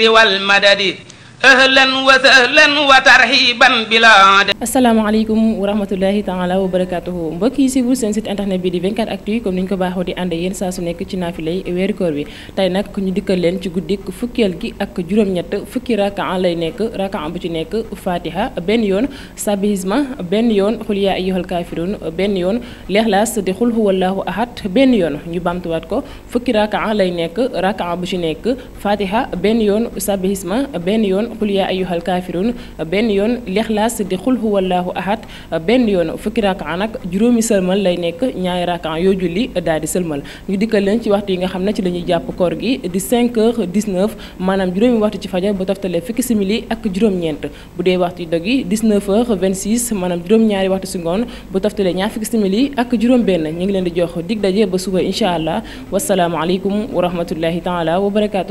wal madadi ahlan wa sahlan wa tarhiban bila asalaamaaleykum wa rahmatullahi taala wa barakaatuhu mbokk yi si seen site internet bi di 24 actu comme ni ñu ko baaxoo di ànd yéen saa su nekk ci naafilay weeru koor bi tey nag ñu dikkal leen ci guddik fukkeel gi ak juróom-ñett fukki rakaan lay nekk rakaan bu ci nekk fatiha benn yoon sabisma benn yoon xul yaa ayyuhal kaafiruun benn yoon leexlaas di xul huwallaahu ahad benn yoon ñu bamtuwaat ko fukki rakaan lay nekk rakaan bu ci nekk fatiha benn yoon sabisma benn yoon qul yaa ayyuhal kaafiruun benn yoon lexlaas di xul huwallaahu ahad benn yoon fukki rakaan nag juróomi sëlmal lay nekk ñaari rakaan yoo julli daal di sëlmal ñu dikkal leen ci waxtu yi nga xam ne ci la ñuy jàpp koor gi di 5 heures 19 maanaam juróomi waxtu ci fajar bu taftalee fukki simili ak juróom-ñeent bu dee waxtu yi dog yi 19 heures 26 maanaam juróom-ñaari waxtu si ngoon bu taftalee ñaar fukki simili ak juróom-benn ñu ngi leen di jox dig daje ba suba incha allah wasalaamualeykum wa rahmatullahi taala wa barakaatu.